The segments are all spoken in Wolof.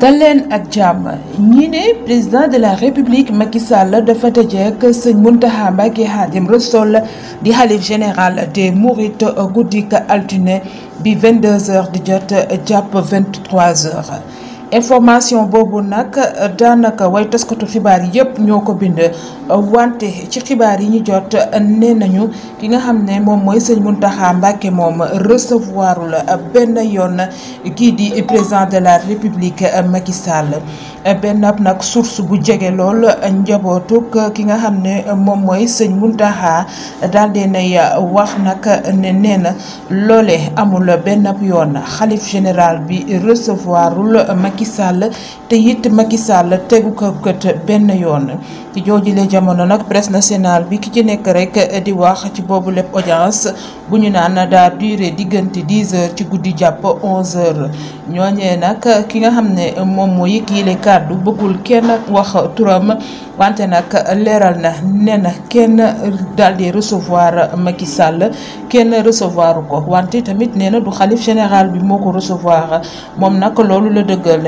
Talen Adjam, ak président de la république Macky de Fatajek, tëjeek mountaha, Muntaxa Mbàkke le sol di halif général des Mourides Goudik Altuné, bi 22h De jot 23h information boobu nag daanaka way taskatu xibaar yëpp ñoo ko bind wante ci xibaar yi ñu jot nee nañu ki nga xam ne moom mooy sëñ Mountakha Mbacké moom recevoirul benn yoon kii di président de la république Macky benn ab nag source bu jege lool njabootuk ki nga xam ne moom mooy sëñ Mountakha daal di nay wax nag ne nee na loole amul benn yoon xalif général bi recevoirul Macky Macky Sall te ma Macky Sall tegu ko kët benn yoon ci joojule jamono nag presse national bi ki ci nekk rek di wax ci boobu lépp audience bu ñu naan daa duré diggante 10 ci guddi jàpp 11 heures ñooñee nag ki nga xam ne moom moo yëkkile kàddu bëggul kenn wax turam wante nag leeral na nee na kenn daal di recevoir Macky Sall kenn recevoir ko wante tamit nee du xalif général bi moo ko recevoir moom nag loolu la dëggal.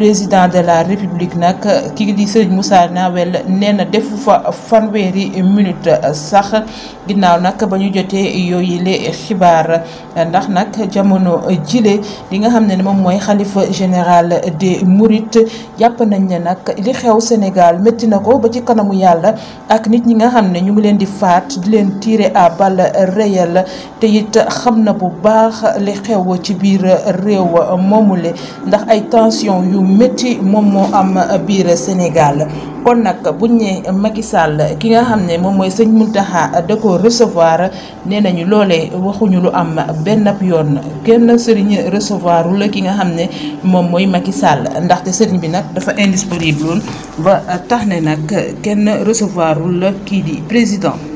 président de la république nak, qui di Serigne Moussa Nawel néna na defu fa fanweeri minute sax ginnaw nak bañu ñu jotee yooyu le ndax nak jamono jilé li nga xamné mom moy moom général des Mourides jàpp nañ né nak li xew Sénégal metti nako ba ci kanamu Yalla ak nit ñi nga xamné ñu ngi leen di faat di leen tirer à balle réelle té yitt xamna bu baax li xew ci biir réew momulé ndax ay tension yu métti moom moo am uh, biir Sénégal kon nag buñ ne Macky Sall ki nga xam ne moom mooy sëñ Mountakha uh, da ko recevoir nee nañu loole waxuñu lu am benn ab yoon kenn sëriñ recevoir la ki nga xam ne moom mooy Macky Sall ndaxte sëriñ bi nag dafa indisponible ba uh, tax ne nag kenn recevoir la kii di président.